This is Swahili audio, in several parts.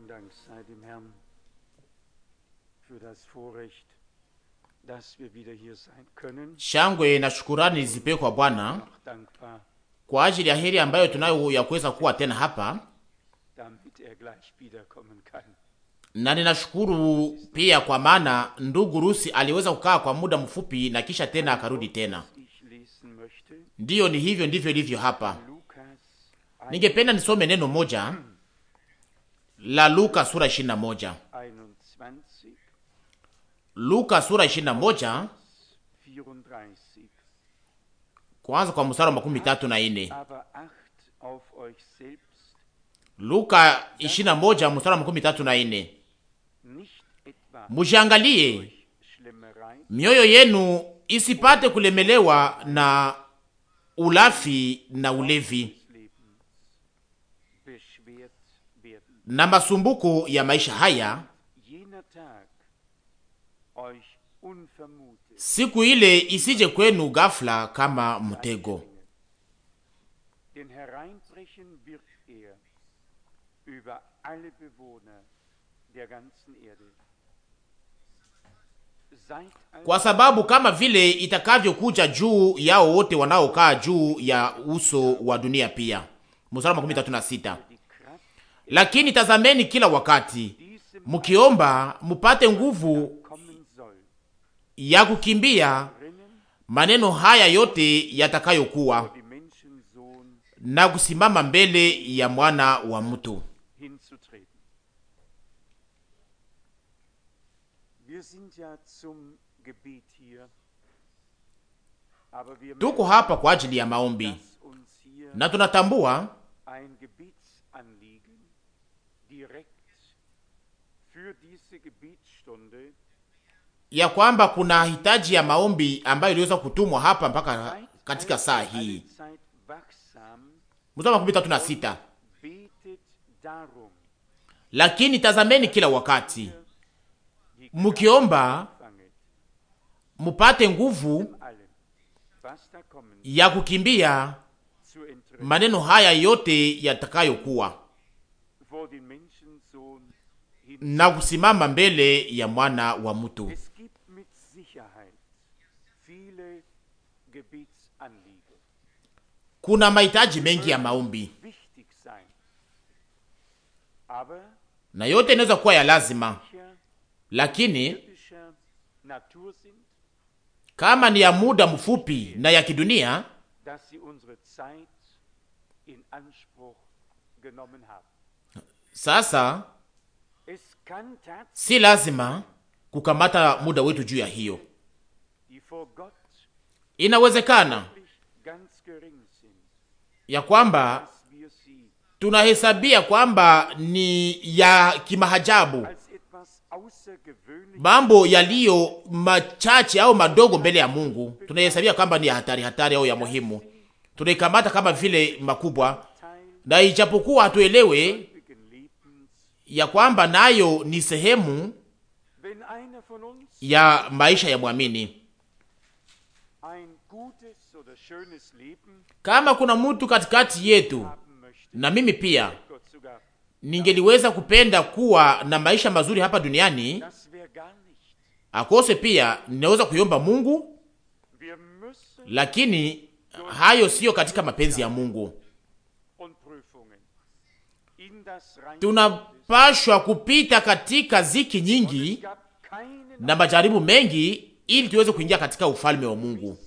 und Dank sei dem Herrn für das Vorrecht, dass wir wieder hier sein können. Shangwe na shukurani zipe kwa Bwana kwa ajili ya heri ambayo tunayo ya kuweza kuwa tena hapa, er na ninashukuru pia kwa maana ndugu Rusi aliweza kukaa kwa muda mfupi na kisha tena akarudi tena. Ndiyo, ni hivyo ndivyo ilivyo hapa. Ningependa nisome neno moja la Luka sura 21. Luka sura 21 kuanza kwa mstari wa makumi tatu na ine. Luka 21 mstari wa makumi tatu na ine. Mushangalie mioyo yenu isipate kulemelewa na ulafi na ulevi na masumbuko ya maisha haya, siku ile isije kwenu ghafla kama mtego, er kwa sababu kama vile itakavyokuja juu yao wote wanaokaa juu ya uso wa dunia. Pia mstari makumi tatu na sita lakini tazameni kila wakati mkiomba, mupate nguvu ya kukimbia maneno haya yote yatakayokuwa na kusimama mbele ya mwana wa mtu. Tuko hapa kwa ajili ya maombi na tunatambua ya kwamba kuna hitaji ya maombi ambayo iliweza kutumwa hapa mpaka katika saa hii. Mstari makumi tatu na sita lakini tazameni kila wakati mukiomba mupate nguvu ya kukimbia maneno haya yote yatakayokuwa na kusimama mbele ya mwana wa mtu. Kuna mahitaji mengi ya maombi na yote inaweza kuwa ya lazima, lakini kama ni ya muda mfupi na ya kidunia, sasa Si lazima kukamata muda wetu juu ya hiyo, inawezekana ya kwamba tunahesabia kwamba ni ya kimahajabu mambo yaliyo machache au madogo mbele ya Mungu, tunahesabia kwamba ni ya hatari hatari au ya muhimu, tunaikamata kama vile makubwa, na ijapokuwa hatuelewe ya kwamba nayo ni sehemu ya maisha ya mwamini. Kama kuna mtu katikati yetu, na mimi pia ningeliweza kupenda kuwa na maisha mazuri hapa duniani, akose pia ninaweza kuiomba Mungu, lakini hayo siyo katika mapenzi ya Mungu. Tuna tulipashwa kupita katika ziki nyingi na majaribu mengi ili tuweze kuingia katika ufalme wa Mungu.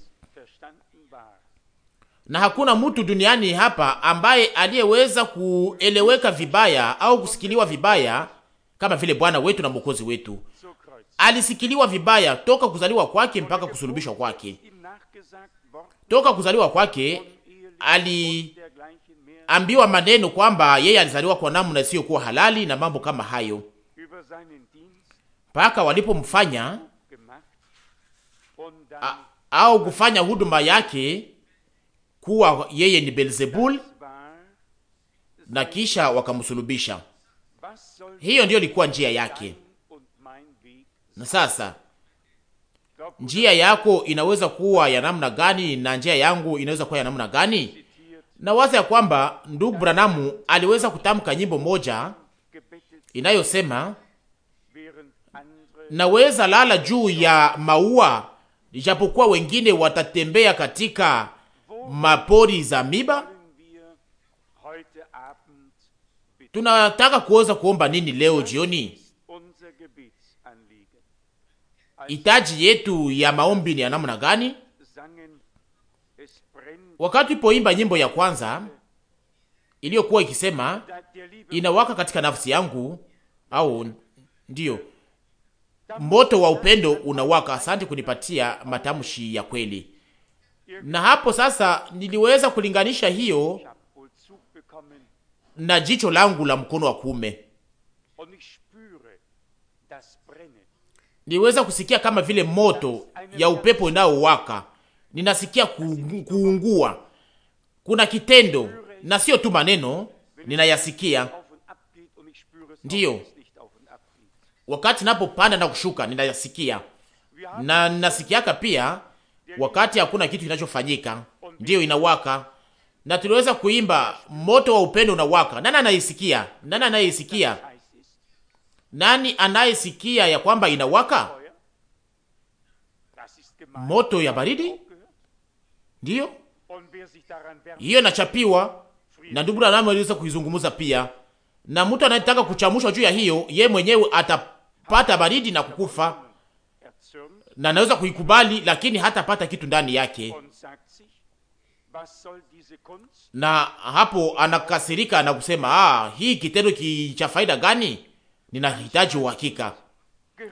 Na hakuna mtu duniani hapa ambaye aliyeweza kueleweka vibaya au kusikiliwa vibaya kama vile Bwana wetu na Mwokozi wetu alisikiliwa vibaya toka kuzaliwa kwake mpaka kusulubishwa kwake. Toka kuzaliwa kwake ali ambiwa maneno kwamba yeye alizaliwa kwa namna isiyokuwa halali na mambo kama hayo, mpaka walipomfanya au kufanya huduma yake kuwa yeye ni Beelzebul na kisha wakamsulubisha. Hiyo ndiyo ilikuwa njia yake. Na sasa njia yako inaweza kuwa ya namna gani na njia yangu inaweza kuwa ya namna gani? na waza ya kwamba ndugu Branamu aliweza kutamka nyimbo moja inayosema naweza lala juu ya maua, ijapokuwa wengine watatembea katika mapori za miba. Tunataka kuweza kuomba nini leo jioni? itaji yetu ya maombi ni ya namna gani? Wakati ipoimba nyimbo ya kwanza iliyokuwa ikisema inawaka katika nafsi yangu, au ndiyo moto wa upendo unawaka. Asante kunipatia matamshi ya kweli. Na hapo sasa niliweza kulinganisha hiyo na jicho langu la mkono wa kuume, niliweza kusikia kama vile moto ya upepo inayowaka ninasikia kuungua. Kuna kitendo na sio tu maneno ninayasikia, ndiyo wakati napopanda na kushuka ninayasikia, na ninasikiaka pia wakati hakuna kitu kinachofanyika, ndiyo inawaka. Na tuliweza kuimba moto wa upendo unawaka. Nani anayesikia? Nani anayesikia Nani anayesikia ya kwamba inawaka moto ya baridi? Ndiyo, hiyo inachapiwa na ndugu Branham aliweza kuizungumza pia, na mtu anayetaka kuchamushwa juu ya hiyo, ye mwenyewe atapata baridi na kukufa, na anaweza kuikubali, lakini hatapata kitu ndani yake, na hapo anakasirika na kusema ah, hii kitendo ki cha faida gani? Ninahitaji uhakika.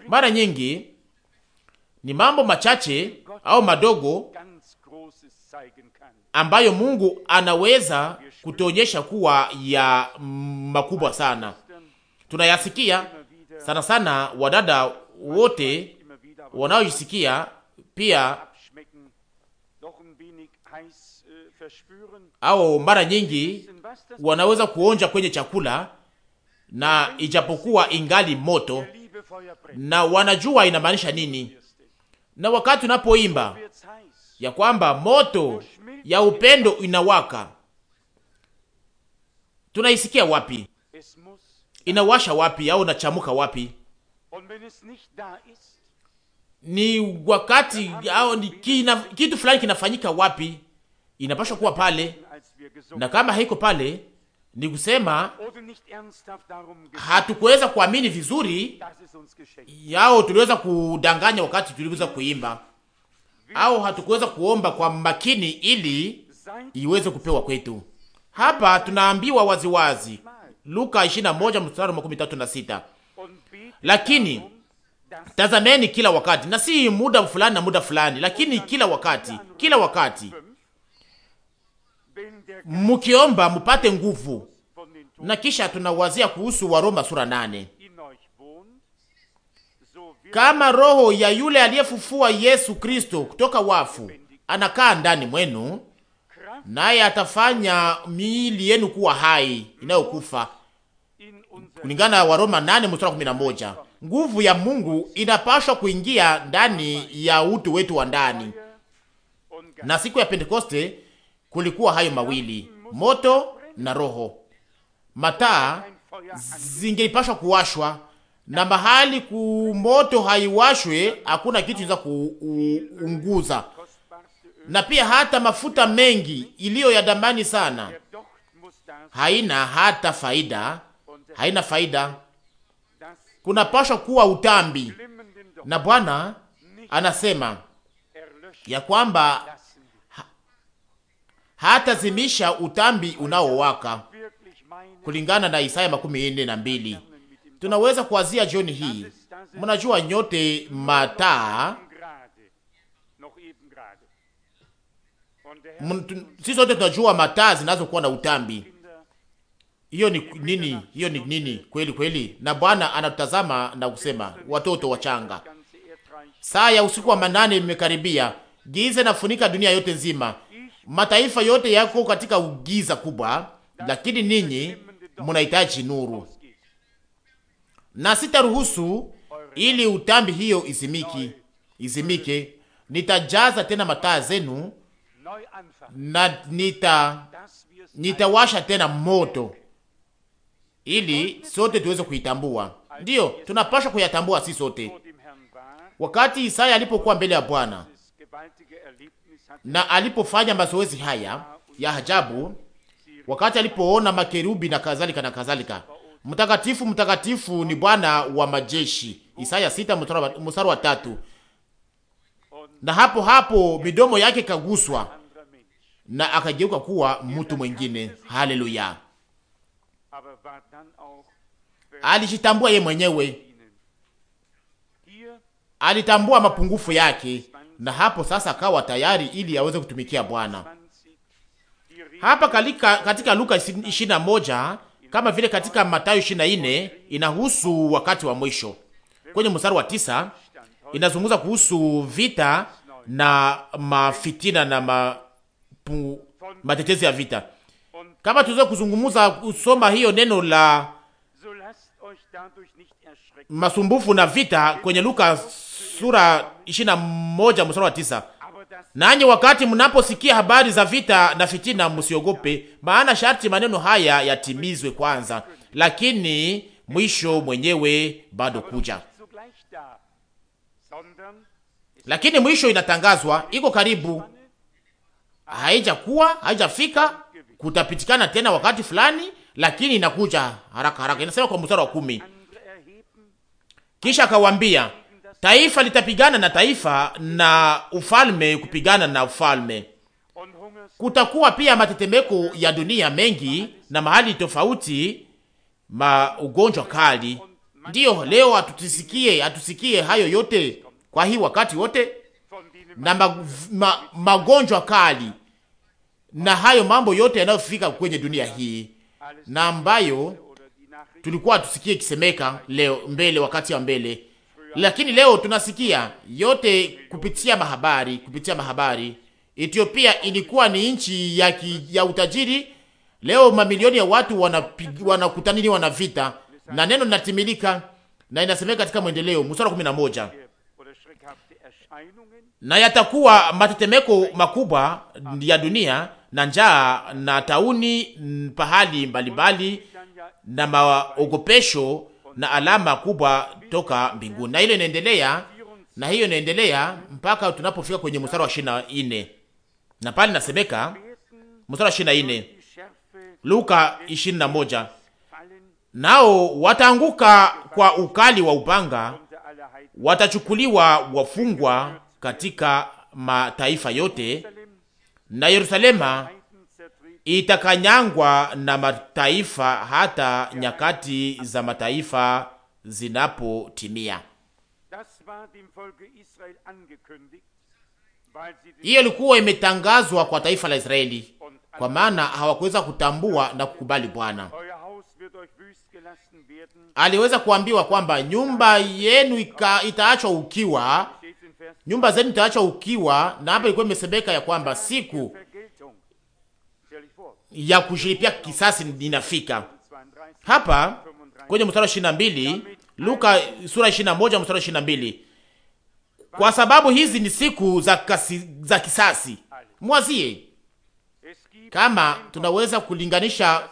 Mara nyingi ni mambo machache au madogo ambayo Mungu anaweza kutuonyesha kuwa ya makubwa sana. Tunayasikia sana sana, wadada wote wanaoisikia pia au mara nyingi wanaweza kuonja kwenye chakula, na ijapokuwa ingali moto, na wanajua inamaanisha nini. Na wakati unapoimba ya kwamba moto ya upendo inawaka. Tunaisikia wapi? Inawasha wapi au inachamuka wapi? Ni wakati au ni kina, kitu fulani kinafanyika wapi? Inapaswa kuwa pale, na kama haiko pale ni kusema hatukuweza kuamini vizuri, yao tuliweza kudanganya wakati tuliweza kuimba au hatukuweza kuomba kwa makini ili iweze kupewa kwetu. Hapa tunaambiwa waziwazi Luka 21 mstari wa 36, lakini tazameni kila wakati, na si muda fulani na muda fulani, lakini kila wakati, kila wakati mukiomba mpate nguvu. Na kisha tunawazia kuhusu Waroma sura nane. Kama roho ya yule aliyefufua Yesu Kristo kutoka wafu anakaa ndani mwenu, naye atafanya miili yenu kuwa hai inayokufa, kulingana na Waroma 8 mstari 11. Nguvu ya Mungu inapashwa kuingia ndani ya utu wetu wa ndani, na siku ya Pentekoste kulikuwa hayo mawili, moto na roho. Mataa zingelipashwa kuwashwa na mahali ku moto haiwashwe, hakuna kitu za kuunguza. Na pia hata mafuta mengi iliyo ya damani sana haina hata faida, haina faida. Kuna pasha kuwa utambi, na Bwana anasema ya kwamba hatazimisha utambi unaowaka kulingana na Isaya makumi nne na mbili tunaweza kuwazia jioni hii. Mnajua nyote mataa sisi sote tunajua mataa zinazokuwa na utambi. Hiyo ni nini? Hiyo ni nini kweli kweli? Na Bwana anatutazama na kusema, watoto wachanga, saa ya usiku wa manane imekaribia, giza inafunika dunia yote nzima, mataifa yote yako katika ugiza kubwa, lakini ninyi mnahitaji nuru na sitaruhusu ili utambi hiyo izimiki izimike. Nitajaza tena mataa zenu na nita nitawasha tena moto ili sote tuweze kuitambua. Ndiyo, tunapasha kuyatambua si sote. Wakati Isaya alipokuwa mbele ya Bwana na alipofanya mazoezi haya ya ajabu, wakati alipoona makerubi na kadhalika na kadhalika, Mtakatifu, mtakatifu ni Bwana wa majeshi, Isaya sita mstari wa tatu. Na hapo hapo midomo yake kaguswa na akageuka kuwa mtu mwingine. Haleluya! Alijitambua yeye mwenyewe, alitambua mapungufu yake, na hapo sasa akawa tayari ili aweze kutumikia Bwana. Hapa katika Luka 21 kama vile katika Mathayo 24 inahusu wakati wa mwisho. Kwenye mstari wa tisa inazungumza kuhusu vita na mafitina na ma, pu, matetezi ya vita. Kama tuweze kuzungumza kusoma hiyo neno la masumbufu na vita kwenye Luka sura 21 mstari wa tisa Nanyi wakati mnaposikia habari za vita na fitina, msiogope, maana sharti maneno haya yatimizwe kwanza, lakini mwisho mwenyewe bado kuja. Lakini mwisho inatangazwa, iko karibu, haijakuwa haijafika, kutapitikana tena wakati fulani, lakini inakuja haraka haraka. Inasema kwa mstari wa kumi, kisha akawambia Taifa litapigana na taifa na ufalme kupigana na ufalme. Kutakuwa pia matetemeko ya dunia mengi na mahali tofauti, maugonjwa kali. Ndiyo, leo hatutisikie hatusikie hayo yote kwa hii wakati wote, na ma, ma, magonjwa kali na hayo mambo yote yanayofika kwenye dunia hii na ambayo tulikuwa tusikie kisemeka leo mbele, wakati wa mbele lakini leo tunasikia yote kupitia mahabari, kupitia mahabari. Ethiopia ilikuwa ni nchi ya, ki, ya utajiri. Leo mamilioni ya watu wanakutaniliwa wana na vita, na neno linatimilika na inasemeka katika mwendeleo mstari wa 11 na yatakuwa matetemeko makubwa ya dunia na njaa na tauni pahali mbalimbali na maogopesho na alama kubwa toka mbinguni, na hiyo inaendelea, na hiyo inaendelea mpaka tunapofika kwenye mstari wa 24 na pale nasemeka mstari wa 24 Luka 21 nao wataanguka kwa ukali wa upanga, watachukuliwa wafungwa katika mataifa yote na Yerusalema itakanyangwa na mataifa hata nyakati za mataifa zinapotimia. Hiyo ilikuwa imetangazwa kwa taifa la Israeli, kwa maana hawakuweza kutambua na kukubali Bwana. Aliweza kuambiwa kwamba nyumba yenu itaachwa ukiwa, nyumba zenu itaachwa ukiwa, na hapo ilikuwa imesemeka ya kwamba siku ya kujilipia kisasi inafika hapa kwenye mstari wa ishirini na mbili Luka sura ishirini na moja mstari wa ishirini na mbili kwa sababu hizi ni siku za, kasi, za kisasi. Mwazie kama tunaweza kulinganisha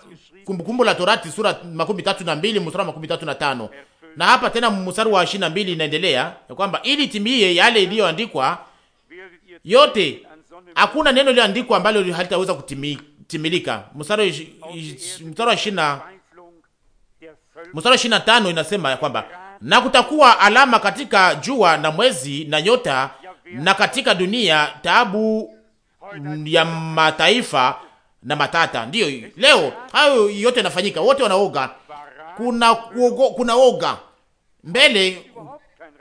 Kumbukumbu la Torati sura makumi tatu na mbili mstari wa makumi tatu na tano na hapa tena mstari wa ishirini na mbili inaendelea ya kwamba ili timie yale iliyoandikwa yote. Hakuna neno iliyoandikwa ambalo halitaweza kutimia kutimilika. Mstari wa ishirini na tano inasema ya kwamba na kutakuwa alama katika jua na mwezi na nyota, na katika dunia taabu ya mataifa na matata. Ndiyo, leo hayo yote yanafanyika, wote wanaoga, kuna kuogo, kuna oga mbele.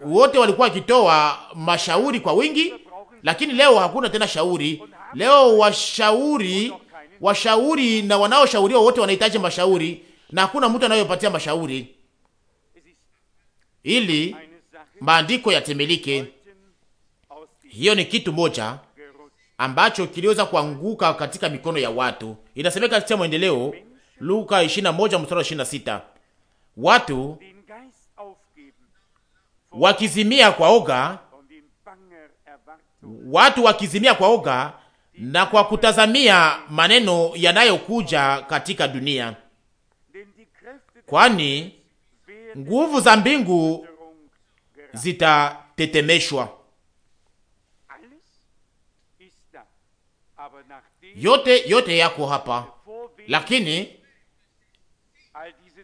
Wote walikuwa wakitoa mashauri kwa wingi, lakini leo hakuna tena shauri. Leo washauri washauri na wanaoshauriwa wote wanahitaji mashauri, na hakuna mtu anayopatia mashauri ili maandiko yatemelike. Hiyo ni kitu moja ambacho kiliweza kuanguka katika mikono ya watu. Inasemeka katika maendeleo Luka 21 mstari 26, watu wakizimia kwa oga, watu wakizimia kwa oga na kwa kutazamia maneno yanayokuja katika dunia, kwani nguvu za mbingu zitatetemeshwa. Yote yote yako hapa, lakini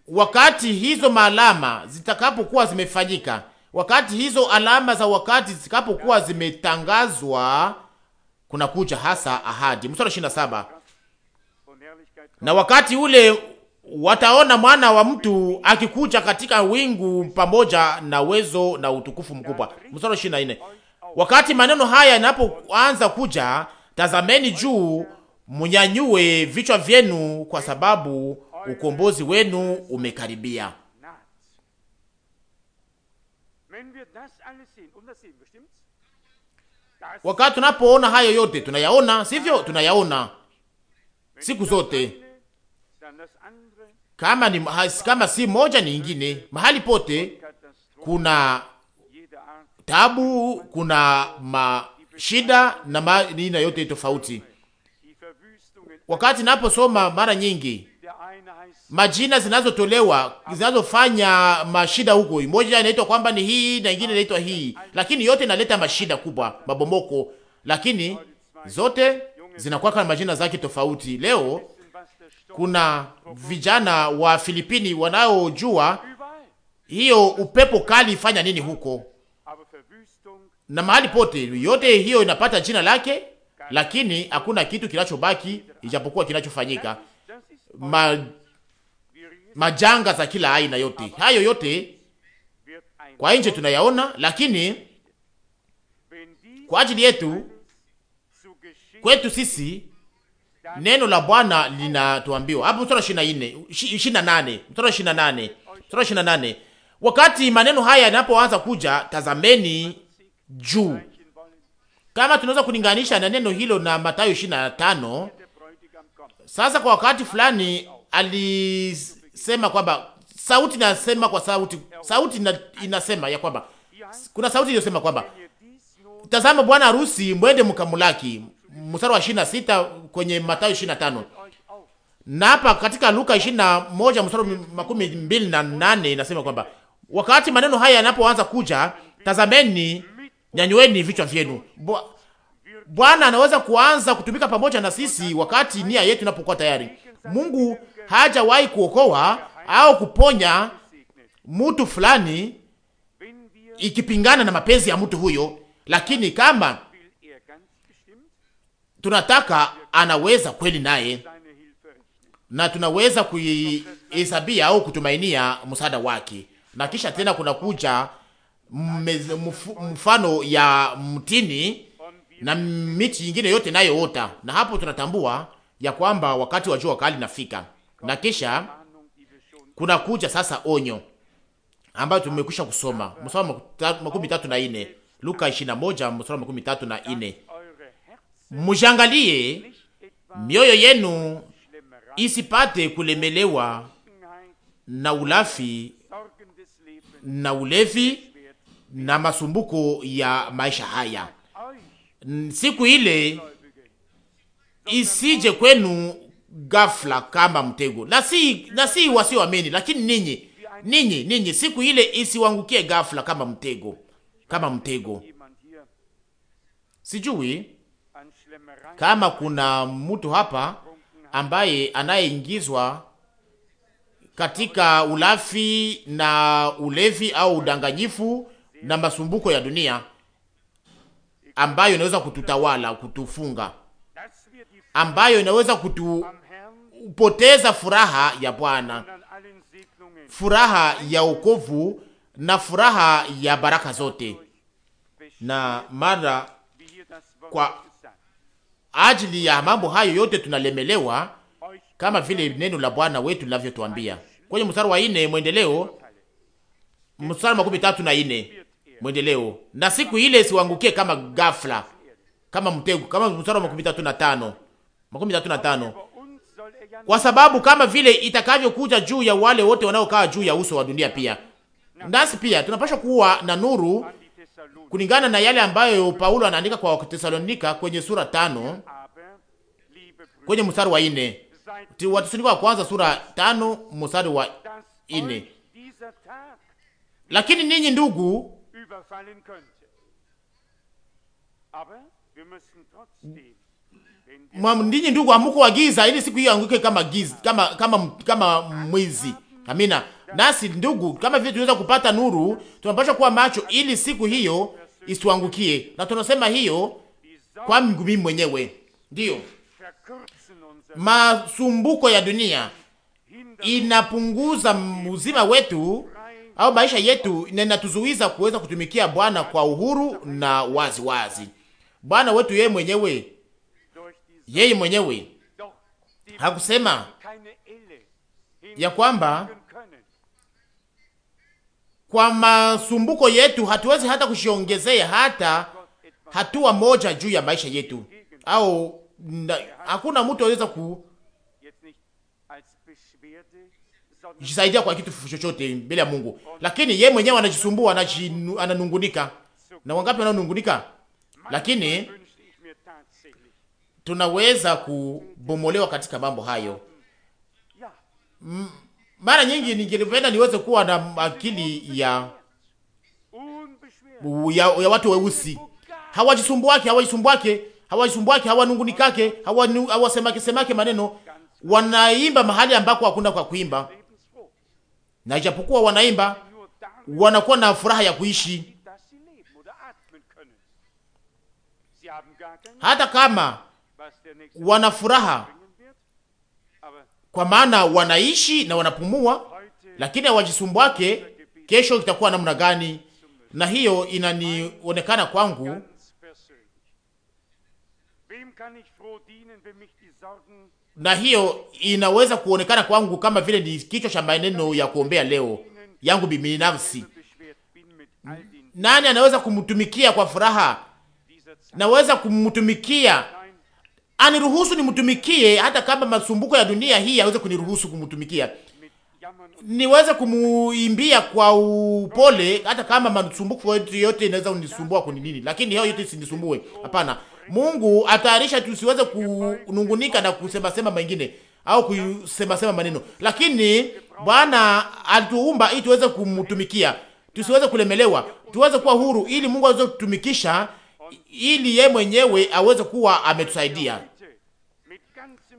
wakati hizo maalama zitakapokuwa zimefanyika, wakati hizo alama za wakati zitakapokuwa zimetangazwa kunakuja hasa ahadi. Mstari 27, na wakati ule wataona mwana wa mtu akikuja katika wingu pamoja na uwezo na utukufu mkubwa. Mstari 24, wakati maneno haya yanapoanza kuja, tazameni juu, munyanyue vichwa vyenu, kwa sababu ukombozi wenu umekaribia. Wakati tunapoona hayo yote, tunayaona sivyo? Tunayaona siku zote, kama ni kama si moja ni ingine. Mahali pote kuna tabu, kuna mashida na nina yote tofauti. Wakati naposoma mara nyingi majina zinazotolewa zinazofanya mashida huko. Moja inaitwa kwamba ni hii na ingine inaitwa hii, lakini yote inaleta mashida kubwa, mabomoko, lakini zote zinakuwa na majina zake tofauti. Leo kuna vijana wa Filipini wanaojua hiyo upepo kali ifanya nini huko na mahali pote, yote hiyo inapata jina lake, lakini hakuna kitu kinachobaki ijapokuwa kinachofanyika ma, majanga za kila aina yote. Hayo yote kwa nje tunayaona, lakini kwa ajili yetu, kwetu sisi neno la Bwana linatuambiwa hapo mstari wa 24 28, mstari wa 28, mstari 28. Wakati maneno haya yanapoanza kuja, tazameni juu. Kama tunaweza kulinganisha na neno hilo na Mathayo 25 sasa kwa wakati fulani alisema kwamba sauti inasema kwa sauti, sauti inasema ya kwamba kuna sauti iliyosema kwamba tazama, bwana harusi mwende mkamulaki. Mstari wa 26 kwenye Mathayo 25 na hapa katika Luka 21 mstari makumi mbili na nane inasema kwamba wakati maneno haya yanapoanza kuja, tazameni, nyanyueni vichwa vyenu. Bwana anaweza kuanza kutumika pamoja na sisi wakati nia yetu inapokuwa tayari. Mungu hajawahi kuokoa au kuponya mtu fulani ikipingana na mapenzi ya mtu huyo, lakini kama tunataka anaweza kweli naye, na tunaweza kuihesabia au kutumainia msaada wake. Na kisha tena kuna kuja mfano ya mtini na miti nyingine yote inayoota, na hapo tunatambua ya kwamba wakati wa jua kali nafika, na kisha kuna kuja sasa onyo ambayo tumekwisha kusoma mstari makumi tatu na ine Luka 21 mstari makumi tatu na ine Mujangalie mioyo yenu isipate kulemelewa na ulafi na ulevi na masumbuko ya maisha haya siku ile isije kwenu ghafla kama mtego, na si na si wasioamini, lakini ninyi ninyi ninyi, siku ile isiwangukie ghafla kama mtego, kama mtego. Sijui kama kuna mtu hapa ambaye anayeingizwa katika ulafi na ulevi au udanganyifu na masumbuko ya dunia ambayo inaweza kututawala, kutufunga, ambayo inaweza kutupoteza furaha ya Bwana, furaha ya wokovu na furaha ya baraka zote. Na mara kwa ajili ya mambo hayo yote tunalemelewa, kama vile neno la Bwana wetu linavyotuambia kwenye mstari wa ine mwendeleo, mstari makumi tatu na ine mwendeleo, na siku ile siwangukie kama ghafla, kama mtego, kama mstari wa makumi tatu na tano makumi tatu na tano kwa sababu kama vile itakavyokuja juu ya wale wote wanaokaa juu ya uso wa dunia. Pia nasi pia tunapaswa kuwa na nuru kulingana na yale ambayo Paulo anaandika kwa Watesalonika kwenye sura tano kwenye mstari wa nne Watesalonika wa kwanza sura tano mstari wa nne Lakini ninyi ndugu, Ndinyi ndugu, amuko wa giza ili siku hiyo anguke kama giza, kama kama kama mwizi. Amina. Nasi ndugu, kama vile tunaweza kupata nuru, tunapaswa kuwa macho ili siku hiyo isituangukie. Na tunasema hiyo kwa mimi mwenyewe. Ndiyo. Masumbuko ya dunia inapunguza uzima wetu au maisha yetu inatuzuiza kuweza kutumikia Bwana kwa uhuru na wazi wazi. Bwana wetu yeye mwenyewe, yeye mwenyewe hakusema ya kwamba kwa masumbuko yetu hatuwezi hata kushiongezea hata hatua moja juu ya maisha yetu, au na, hakuna mtu anaweza ku jisaidia kwa kitu chochote mbele ya Mungu, lakini yeye mwenyewe anajisumbua, ananungunika. Na wangapi wanaonungunika? Lakini tunaweza kubomolewa katika mambo hayo. Mara nyingi ningelipenda niweze kuwa na akili ya ya, ya watu weusi. Hawajisumbuake, hawajisumbuake, hawajisumbuake, hawanungunikake, hawasemake semake maneno. Wanaimba mahali ambako hakuna kwa kuimba na ijapokuwa wanaimba wanakuwa na furaha ya kuishi, hata kama wana furaha, kwa maana wanaishi na wanapumua, lakini hawajisumbwake kesho itakuwa namna gani. Na hiyo inanionekana kwangu na hiyo inaweza kuonekana kwangu kama vile ni kichwa cha maneno ya kuombea leo yangu binafsi. Nani anaweza kumtumikia kwa furaha? Naweza kumtumikia, aniruhusu nimtumikie, hata kama masumbuko ya dunia hii aweze kuniruhusu kumtumikia, niweze kumuimbia kwa upole, hata kama masumbuko yote inaweza kunisumbua kuni nini, lakini hiyo yote isinisumbue. Hapana, Mungu atayarisha tusiweze kunungunika na kusemasema mengine au kusemasema maneno, lakini Bwana alituumba ili tuweze kumtumikia, tusiweze kulemelewa, tuweze kuwa huru, ili Mungu aweze kutumikisha, ili ye mwenyewe aweze kuwa ametusaidia.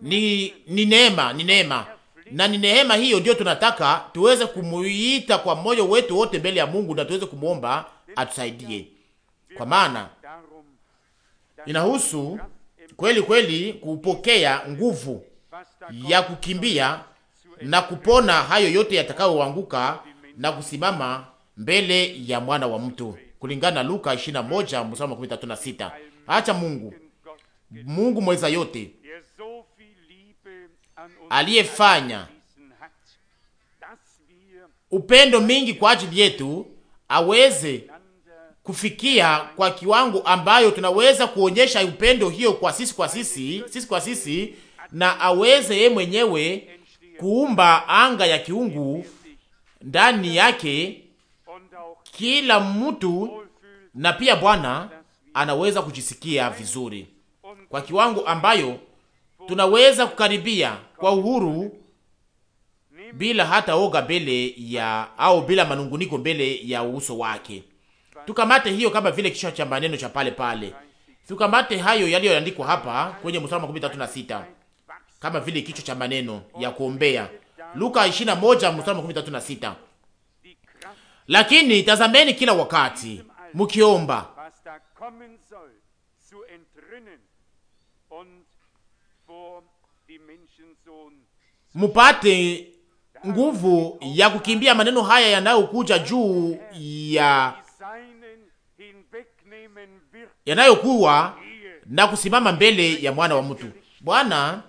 Ni ni neema, ni neema na ni neema hiyo ndio tunataka tuweze kumuita kwa moyo wetu wote mbele ya Mungu, na tuweze kumwomba atusaidie, kwa maana inahusu kweli kweli kupokea nguvu ya kukimbia na kupona hayo yote yatakayoanguka na kusimama mbele ya mwana wa mtu, kulingana na Luka 21 mstari wa 36. Acha Mungu, Mungu mweza yote aliyefanya upendo mingi kwa ajili yetu aweze kufikia kwa kiwango ambayo tunaweza kuonyesha upendo hiyo kwa sisi kwa sisi sisi kwa sisi, na aweze yeye mwenyewe kuumba anga ya kiungu ndani yake kila mtu, na pia Bwana anaweza kujisikia vizuri kwa kiwango ambayo tunaweza kukaribia kwa uhuru bila hata oga mbele ya au bila manunguniko mbele ya uso wake. Tukamate hiyo kama vile kichwa cha maneno cha pale pale. Tukamate hayo yaliyoandikwa hapa kwenye mstari wa kama vile kichwa cha maneno ya kuombea. Luka 21 mstari wa Lakini tazameni kila wakati mkiomba mupate nguvu ya kukimbia maneno haya yanayokuja juu ya yanayokuwa na kusimama mbele ya mwana wa mtu. Bwana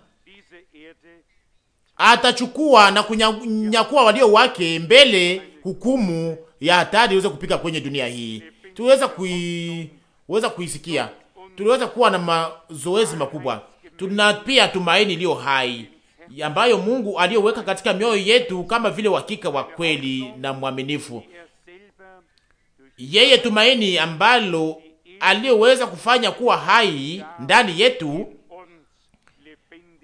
atachukua na kunyakua walio wake mbele hukumu ya hatari iweze kupika kwenye dunia hii. Tuweza kuiweza kuisikia, tuliweza kuwa na mazoezi makubwa. Tuna pia tumaini iliyo hai ambayo Mungu aliyoweka katika mioyo yetu kama vile uhakika wa kweli na mwaminifu. Yeye tumaini ambalo aliyoweza kufanya kuwa hai ndani yetu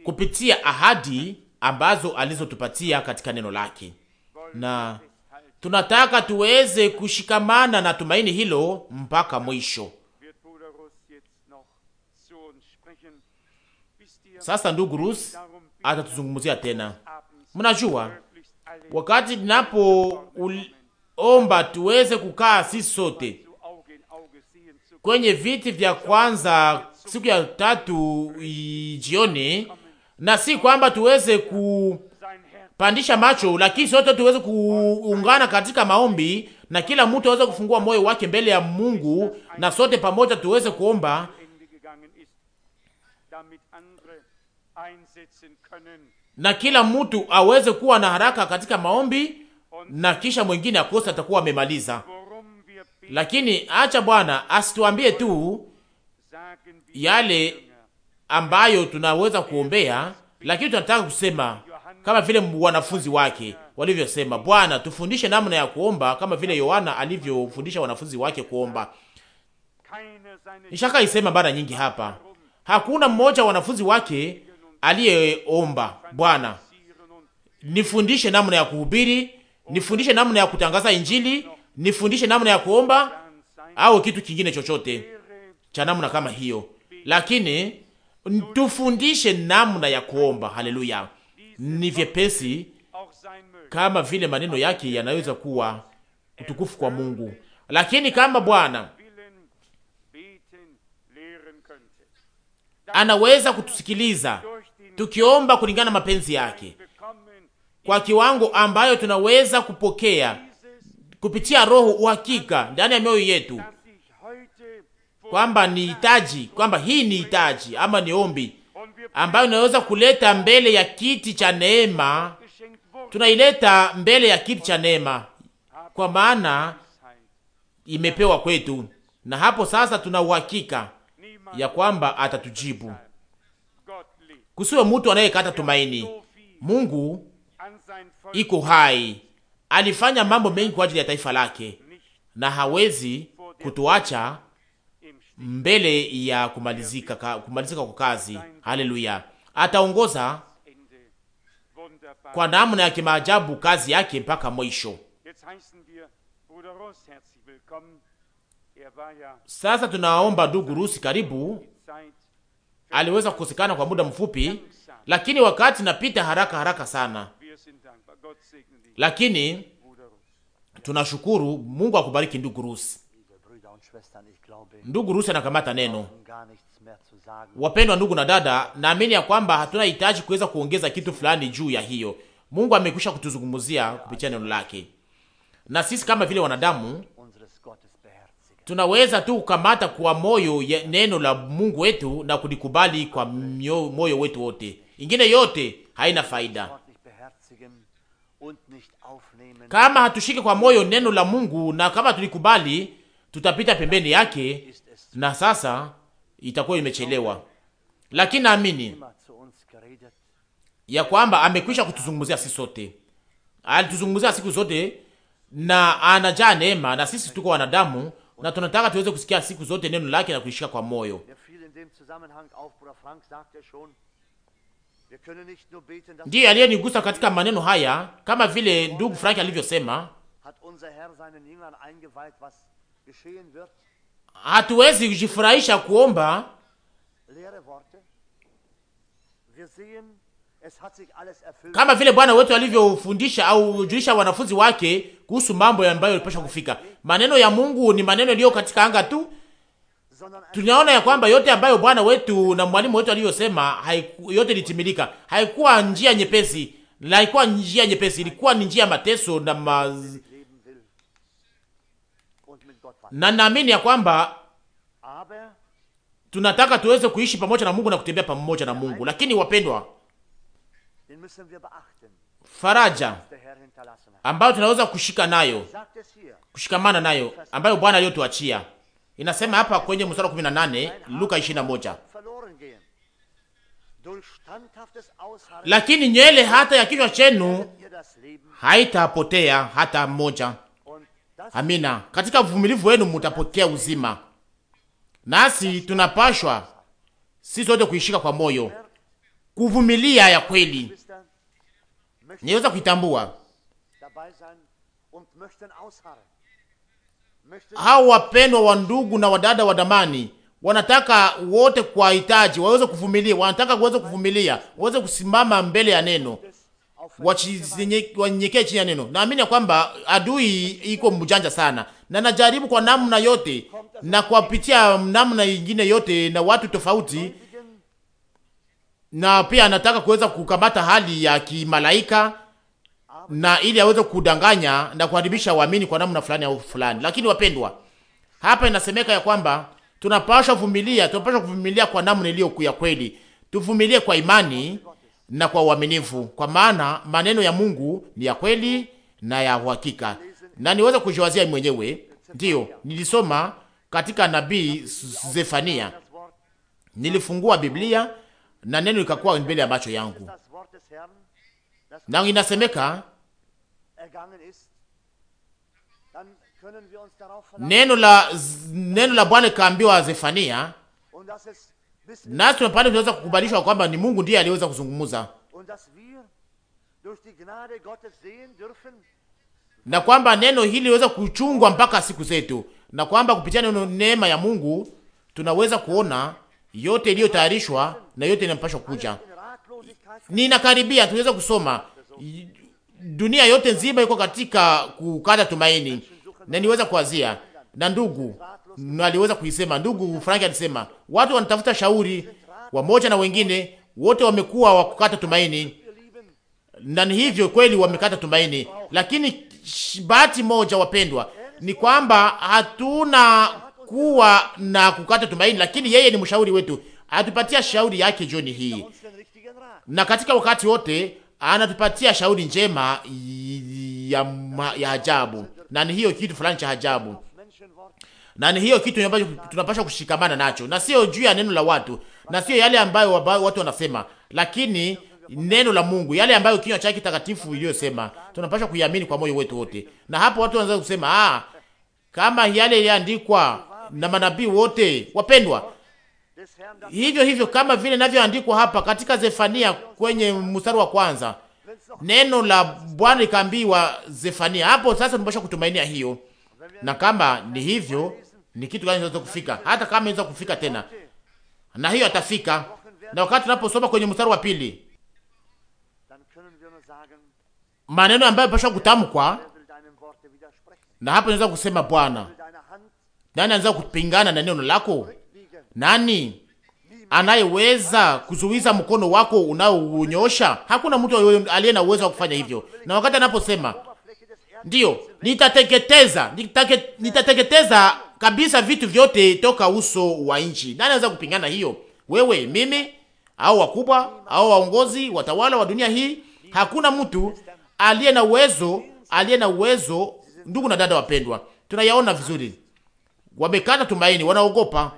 kupitia ahadi ambazo alizotupatia katika neno lake, na tunataka tuweze kushikamana na tumaini hilo mpaka mwisho. Sasa ndugu Rus atatuzungumzia tena. Mnajua, wakati ninapoomba tuweze kukaa sisi sote kwenye viti vya kwanza siku ya tatu jioni, na si kwamba tuweze kupandisha macho, lakini sote tuweze kuungana katika maombi na kila mtu aweze kufungua moyo wake mbele ya Mungu, na sote pamoja tuweze kuomba na kila mtu aweze kuwa na haraka katika maombi, na kisha mwingine akose atakuwa amemaliza. Lakini acha Bwana asituambie tu yale ambayo tunaweza kuombea, lakini tunataka kusema kama vile wanafunzi wake walivyosema, Bwana tufundishe namna ya kuomba, kama vile Yohana alivyofundisha wanafunzi wake kuomba. Nishaka isema mara nyingi hapa, hakuna mmoja wa wanafunzi wake aliyeomba Bwana, nifundishe namna ya kuhubiri, nifundishe namna ya kutangaza Injili, nifundishe namna ya kuomba au kitu kingine chochote cha namna kama hiyo, lakini tufundishe namna ya kuomba. Haleluya! Ni vyepesi kama vile maneno yake yanaweza kuwa utukufu kwa Mungu, lakini kama Bwana anaweza kutusikiliza tukiomba kulingana na mapenzi yake kwa kiwango ambayo tunaweza kupokea kupitia Roho uhakika ndani ya mioyo yetu kwamba ni hitaji, kwamba hii ni hitaji ama ni ombi ambayo inaweza kuleta mbele ya kiti cha neema. Tunaileta mbele ya kiti cha neema, kwa maana imepewa kwetu, na hapo sasa tuna uhakika ya kwamba atatujibu. Kusiwe mtu anayekata tumaini. Mungu iko hai alifanya mambo mengi kwa ajili ya taifa lake na hawezi kutuacha mbele ya kumalizika ka, kumalizika kwa kazi. Haleluya! Ataongoza kwa namna ya kimaajabu kazi yake mpaka mwisho. Sasa tunaomba ndugu Rusi, karibu. Aliweza kukosekana kwa muda mfupi, lakini wakati napita haraka haraka sana. Lakini tunashukuru Mungu akubariki ndugu Rusi. Ndugu Rusi anakamata neno. Wapendwa ndugu na dada, naamini ya kwamba hatuna hitaji kuweza kuongeza kitu fulani juu ya hiyo. Mungu amekwisha kutuzungumzia kupitia neno lake, na sisi kama vile wanadamu tunaweza tu kukamata kwa moyo ya neno la Mungu wetu na kulikubali kwa moyo wetu wote. Ingine yote haina faida. Kama hatushike kwa moyo neno la Mungu na kama tulikubali, tutapita pembeni yake, na sasa itakuwa imechelewa. Lakini naamini ya kwamba amekwisha kutuzungumzia sisi sote, alituzungumzia siku zote na anajaa neema, na sisi tuko wanadamu na tunataka tuweze kusikia siku zote neno lake na kuishika kwa moyo ndiye aliyenigusa katika maneno haya, kama vile ndugu Frank alivyosema, hatuwezi kujifurahisha kuomba kama vile Bwana wetu alivyofundisha au kujulisha wanafunzi wake kuhusu mambo ambayo yalipaswa kufika. Maneno ya Mungu ni maneno yaliyo katika anga tu, tunaona ya kwamba yote ambayo Bwana wetu na mwalimu wetu aliyosema yote ilitimilika. Haikuwa njia nyepesi, la haikuwa njia nyepesi, ilikuwa ni njia ya mateso na ma... na naamini ya kwamba tunataka tuweze kuishi pamoja na Mungu na kutembea pamoja na Mungu. Lakini wapendwa, faraja ambayo tunaweza kushika nayo, kushikamana nayo, ambayo Bwana aliyotuachia Inasema hapa kwenye mstari wa 18 Luka 21, lakini nywele hata ya kichwa chenu haitapotea hata moja. Amina, katika uvumilivu wenu mutapokea uzima. Nasi tunapashwa sisi zote kuishika kwa moyo kuvumilia ya kweli, niweza kuitambua hao wapendwa wa ndugu na wadada wa damani wanataka wote kwa hitaji waweze kuvumilia, wanataka waweze kuvumilia, waweze kusimama mbele ya neno, wanyenyekee chini ya neno. Naamini ya kwamba adui iko mjanja sana, na najaribu kwa namna yote na kuwapitia namna nyingine yote na watu tofauti, na pia anataka kuweza kukamata hali ya kimalaika na ili aweze kudanganya na kuharibisha waamini kwa namna fulani au fulani. Lakini wapendwa, hapa inasemeka ya kwamba tunapaswa kuvumilia, tunapaswa kuvumilia kwa namna iliyo ya kweli, tuvumilie kwa imani na kwa uaminifu, kwa maana maneno ya Mungu ni ya kweli na ya uhakika. Na niweze kujiwazia mwenyewe, ndiyo nilisoma katika nabii Zefania, nilifungua Biblia na neno likakuwa mbele ya macho yangu, na inasemeka Neno la neno la Bwana likaambiwa Zefania, nasi tunapata tunaweza kukubalishwa kwamba ni Mungu ndiye aliweza kuzungumza na kwamba neno hili liweza kuchungwa mpaka siku zetu, na kwamba kupitia neno neema ya Mungu tunaweza kuona yote iliyotayarishwa na yote inampashwa kuja. Ninakaribia, tuweza kusoma dunia yote nzima iko katika kukata tumaini, na niweza kuwazia na ndugu aliweza kuisema, ndugu Frank alisema, watu wanatafuta shauri wamoja na wengine wote wamekuwa wakukata tumaini, na ni hivyo kweli, wamekata tumaini. Lakini bahati moja, wapendwa, ni kwamba hatuna kuwa na kukata tumaini, lakini yeye ni mshauri wetu, atupatia shauri yake jioni hii na katika wakati wote anatupatia shauri njema ya, ya ajabu, na ni hiyo kitu fulani cha ajabu, na ni hiyo kitu ambacho tunapaswa kushikamana nacho, na sio juu ya neno la watu, na sio yale ambayo watu wanasema, lakini neno la Mungu, yale ambayo kinywa chake takatifu iliyosema, tunapaswa kuiamini kwa moyo wetu wote. Na hapo watu wanaanza kusema ah, kama yale yaliandikwa na manabii wote, wapendwa hivyo hivyo, kama vile inavyoandikwa hapa katika Zefania kwenye mstari wa kwanza, neno la Bwana likaambiwa Zefania. Hapo sasa tumesha kutumainia hiyo, na kama ni hivyo, ni kitu gani kinaweza kufika, hata kama inaweza kufika tena, na hiyo atafika. Na wakati tunaposoma kwenye mstari wa pili, maneno ambayo pasha kutamkwa, na hapo inaweza kusema Bwana, nani anaweza kupingana na neno lako? Nani anayeweza kuzuiza mkono wako unaounyosha? Hakuna mtu aliye na uwezo wa kufanya hivyo. Na wakati anaposema ndiyo, nitateketeza nitake, nitateketeza kabisa vitu vyote toka uso wa nchi, nani anaweza kupingana hiyo? Wewe, mimi au wakubwa au waongozi, watawala wa dunia hii? Hakuna mtu aliye na uwezo, aliye na uwezo. Ndugu na dada wapendwa, tunayaona vizuri, wamekata tumaini, wanaogopa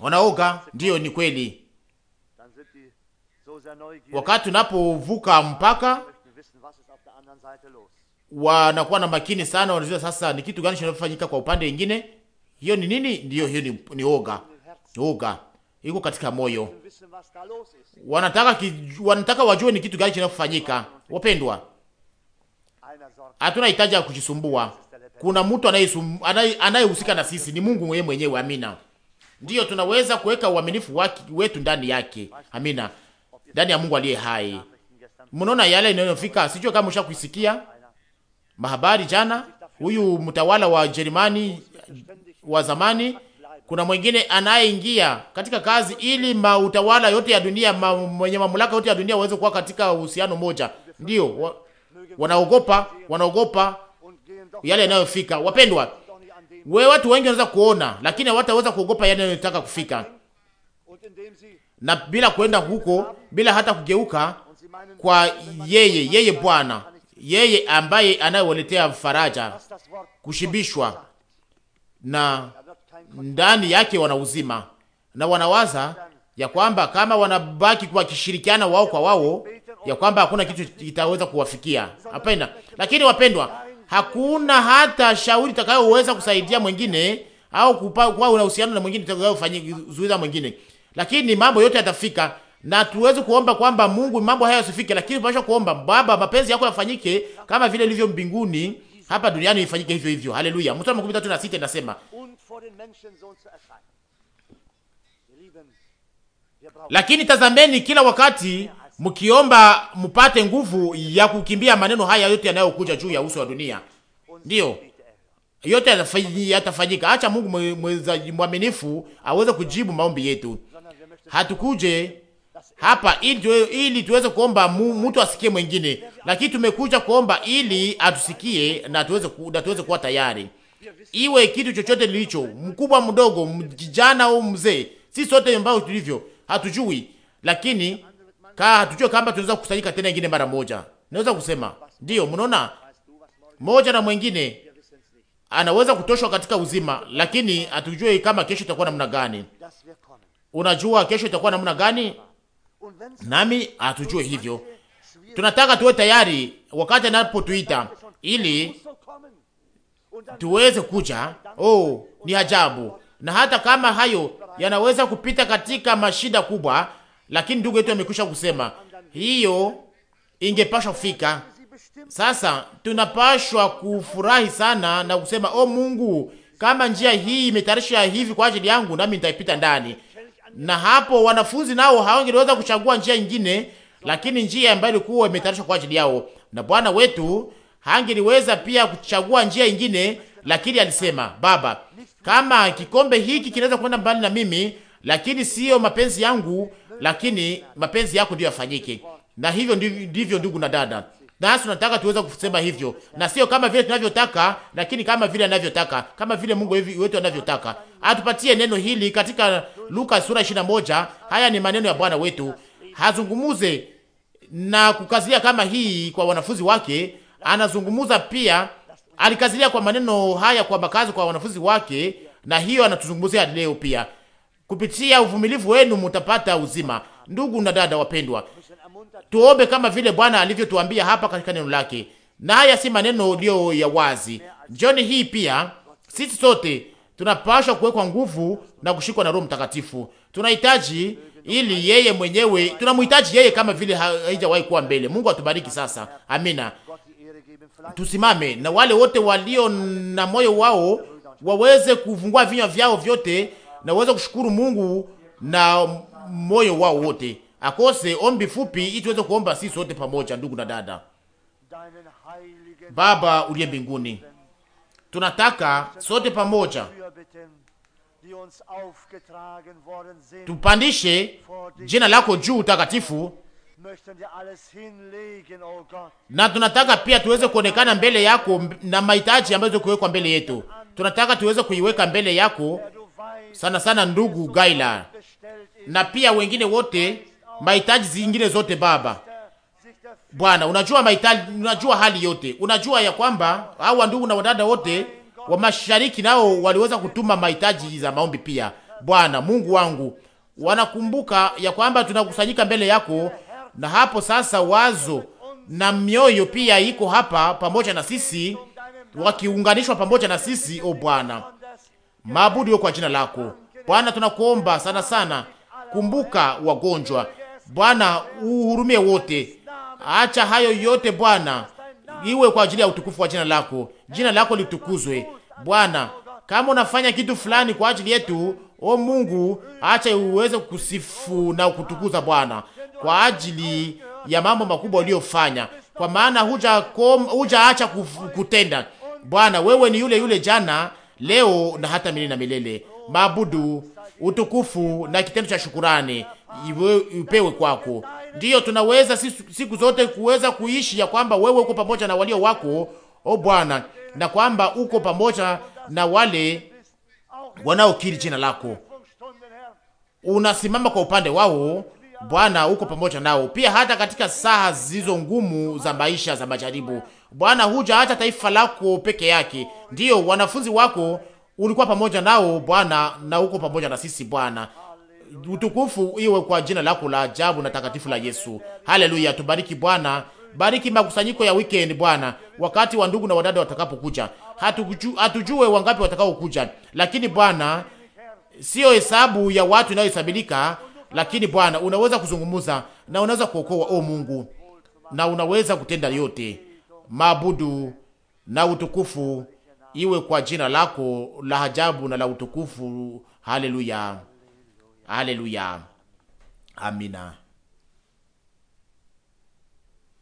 wanaoga. Ndiyo, ni kweli. Wakati unapovuka mpaka, wanakuwa na makini sana, wanajua sasa ni kitu gani kinachofanyika kwa upande mwingine. Hiyo ni nini? Ndiyo, hiyo ni, ni oga. Oga iko katika moyo, wanataka ki, wanataka wajue ni kitu gani kinachofanyika. Wapendwa, hatuna hitaji ya kujisumbua. Kuna mtu anayehusika na sisi, ni Mungu mwenyewe. Amina ndiyo tunaweza kuweka uaminifu wetu ndani yake. Amina, ndani ya Mungu aliye hai. Mnaona yale inayofika, sijue kama mshakuisikia mahabari jana. Huyu mtawala wa Jerumani wa zamani, kuna mwingine anayeingia katika kazi ili mautawala yote ya dunia ma, mwenye mamlaka yote ya dunia waweze kuwa katika uhusiano moja. Ndio wa, wanaogopa wanaogopa yale yanayofika. Wapendwa, We watu wengi wanaweza kuona, lakini hawataweza kuogopa yale yanayotaka kufika, na bila kwenda huko, bila hata kugeuka kwa yeye yeye Bwana, yeye ambaye anayewaletea faraja, kushibishwa na ndani yake wana uzima, na wanawaza ya kwamba kama wanabaki wakishirikiana wao kwa wao, ya kwamba hakuna kitu kitaweza kuwafikia. Hapana, lakini wapendwa hakuna hata shauri itakayoweza kusaidia mwingine au kupa kwa una uhusiano na mwingine itakayofanyika mwingine, lakini mambo yote yatafika na tuweze kuomba kwamba Mungu mambo haya yasifike, lakini tunapaswa kuomba Baba, mapenzi yako yafanyike kama vile ilivyo mbinguni, hapa duniani ifanyike hivyo hivyo. Haleluya. Mstari wa 36 inasema lakini tazameni kila wakati mkiomba mpate nguvu ya kukimbia maneno haya yote yanayokuja juu ya uso wa dunia. Ndiyo, yote yatafanyika. Acha Mungu mwaminifu aweze kujibu maombi yetu. Hatukuje hapa ili, ili tuweze kuomba mtu asikie mwingine, lakini tumekuja kuomba ili atusikie na tuweze, na tuweze kuwa tayari, iwe kitu chochote lilicho mkubwa, mdogo, kijana au mzee. Sisi sote ambao tulivyo hatujui, lakini kaa hatujue kama tunaweza kukusanyika tena ingine mara moja. Naweza kusema ndio, mnaona moja na mwingine anaweza kutoshwa katika uzima, lakini hatujue kama kesho itakuwa namna gani. Unajua kesho itakuwa namna gani? Nami hatujue hivyo. Tunataka tuwe tayari wakati anapotuita ili tuweze kuja. Oh, ni ajabu. Na hata kama hayo yanaweza kupita katika mashida kubwa lakini ndugu yetu amekwisha kusema hiyo ingepashwa kufika. Sasa tunapashwa kufurahi sana na kusema o Mungu, kama njia hii imetayarisha hivi kwa ajili yangu, nami nitaipita ndani. Na hapo wanafunzi nao hawangeweza kuchagua njia nyingine, lakini njia ambayo ilikuwa imetayarishwa kwa ajili yao, na Bwana wetu hangeliweza pia kuchagua njia nyingine, lakini alisema, Baba, kama kikombe hiki kinaweza kwenda mbali na mimi, lakini siyo mapenzi yangu lakini mapenzi yako ndio yafanyike. Na hivyo ndivyo, ndugu na dada, nasi tunataka tuweza kusema hivyo, na sio kama vile tunavyotaka, lakini kama vile anavyotaka, kama vile Mungu wetu anavyotaka. Atupatie neno hili katika Luka sura 21. Haya ni maneno ya Bwana wetu, hazungumuze na kukazilia kama hii kwa wanafunzi wake. Anazungumuza pia, alikazilia kwa maneno haya kwa makazi kwa wanafunzi wake, na hiyo anatuzungumzia leo pia kupitia uvumilivu wenu mutapata uzima. Ndugu na dada wapendwa, tuombe kama vile Bwana alivyotuambia hapa katika neno lake, na haya si maneno ulio ya wazi. Jioni hii pia sisi sote tunapashwa kuwekwa nguvu na kushikwa na Roho Mtakatifu. Tunahitaji ili yeye mwenyewe, tunamhitaji yeye kama vile haijawahi kuwa mbele. Mungu atubariki sasa, amina. Tusimame na wale wote walio na moyo wao waweze kufungua vinywa vyao vyote na uweze kushukuru Mungu na moyo wao wote. Akose ombi fupi ili tuweze kuomba sisi wote pamoja, ndugu na dada. Baba uliye mbinguni, tunataka sote pamoja tupandishe jina lako juu takatifu, na tunataka pia tuweze kuonekana mbele yako na mahitaji ambayo kuwekwa mbele yetu. Tunataka tuweze kuiweka mbele yako sana sana ndugu Gaila na pia wengine wote, mahitaji zingine zote. Baba Bwana, unajua mahitaji, unajua hali yote, unajua ya kwamba au ndugu na wadada wote wa mashariki nao waliweza kutuma mahitaji za maombi pia. Bwana Mungu wangu, wanakumbuka ya kwamba tunakusanyika mbele yako, na hapo sasa wazo na mioyo pia iko hapa pamoja na sisi, wakiunganishwa pamoja na sisi. O Bwana Maabudu kwa jina lako Bwana, tunakuomba sana sana, kumbuka wagonjwa Bwana, uhurumie wote. Acha hayo yote Bwana, iwe kwa ajili ya utukufu wa jina lako. Jina lako litukuzwe Bwana. Kama unafanya kitu fulani kwa ajili yetu, o Mungu, acha uweze kusifu na kutukuza Bwana kwa ajili ya mambo makubwa uliyofanya, kwa maana huja kom, huja acha kutenda Bwana. Wewe ni yule yule jana leo na hata milele na milele. Maabudu, utukufu na kitendo cha shukurani ipewe kwako. Ndiyo tunaweza siku zote kuweza kuishi ya kwamba wewe uko pamoja na walio wako, o Bwana, na kwamba uko pamoja na wale wanaokiri jina lako, unasimama kwa upande wao Bwana, uko pamoja nao pia, hata katika saa zizo ngumu za maisha za majaribu. Bwana huja hata taifa lako peke yake. Ndiyo, wanafunzi wako ulikuwa pamoja nao Bwana, na huko pamoja na sisi Bwana. Utukufu iwe kwa jina lako la ajabu na takatifu la Yesu. Haleluya, tubariki Bwana. Bariki makusanyiko ya weekend Bwana, wakati wa ndugu na wadada watakapokuja. Hatujue, hatujue wangapi watakaokuja, lakini Bwana, sio hesabu ya watu inayohesabika, lakini Bwana unaweza kuzungumza na unaweza kuokoa, o oh Mungu, na unaweza kutenda yote maabudu na utukufu iwe kwa jina lako la ajabu na la utukufu. Haleluya, haleluya, amina.